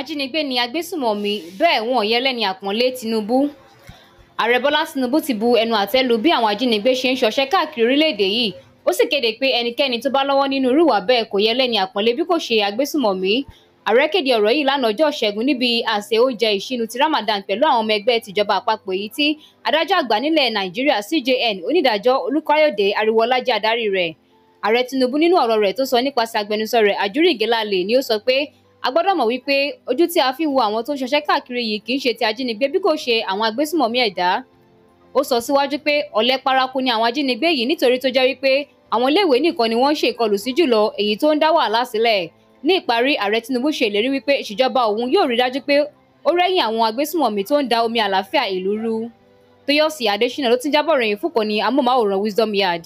ajínigbé ni agbésùmọ̀mí bẹ́ẹ̀ wọn yẹ lẹ́ni àpọ́nlé Tinubu ààrẹ Bọ́lá Tinubu ti bu ẹnu àtẹ́ lu bí àwọn ajínigbé ṣe ń ṣọṣẹ́ káàkiri orílẹ̀-èdè yìí ó sì kéde pé ẹnikẹ́ni tó bá lọ́wọ́ nínú irú ìwà bẹ́ẹ̀ kò yẹ lẹ́ni àpọ́nlé bí kò ṣe agbésùmọ̀mí ààrẹ kéde ọ̀rọ̀ yìí lánàá ọjọ́ ṣẹ́gun níbi àsè oúnjẹ ìṣínú ti Ramadan pẹ̀lú àwọn ọmọ ẹgbẹ́ tìjọba àpapọ̀ èyí tí adájọ́ àgbà nílẹ̀ Nàìjíríà CJN onídàájọ́ Olúkáyọ̀dé Ariwọlá adarí rẹ̀ ààrẹ Tinubu nínú ọ̀rọ̀ rẹ̀ tó sọ nípasẹ̀ agbẹnusọ rẹ̀ Ajuri Gelale ni ó sọ pé a gbọ́dọ̀ mọ̀ wípé ojú tí a fi ń wo àwọn tó ń ṣọṣẹ́ káàkiri yìí kì í ṣe ti ajínigbé bí kò ṣe àwọn agbésùmọ̀mí ẹ̀dá ó sọ síwájú pé ọ̀lẹ paraku ni àwọn ajínigbé yìí nítorí tó jẹ́ wípé àwọn iléèwé nìkan ni wọ́n ń ṣe ìkọlù sí jùlọ èyí tó ń dá wàhálà sílẹ̀ ní ìparí ààrẹ Tinubu ṣe ìlérí wípé ìṣèjọba òun yóò rí dájú pé ó rẹ́yìn àwọn agbésùmọ̀mí tó ń da omi àlàáfíà ìlú rú Tóyọ̀sí Adéṣínà ló ti ń jábọ̀ ròyìn fúnkàn ní amóhùnmáwòrán Wisdom Yard.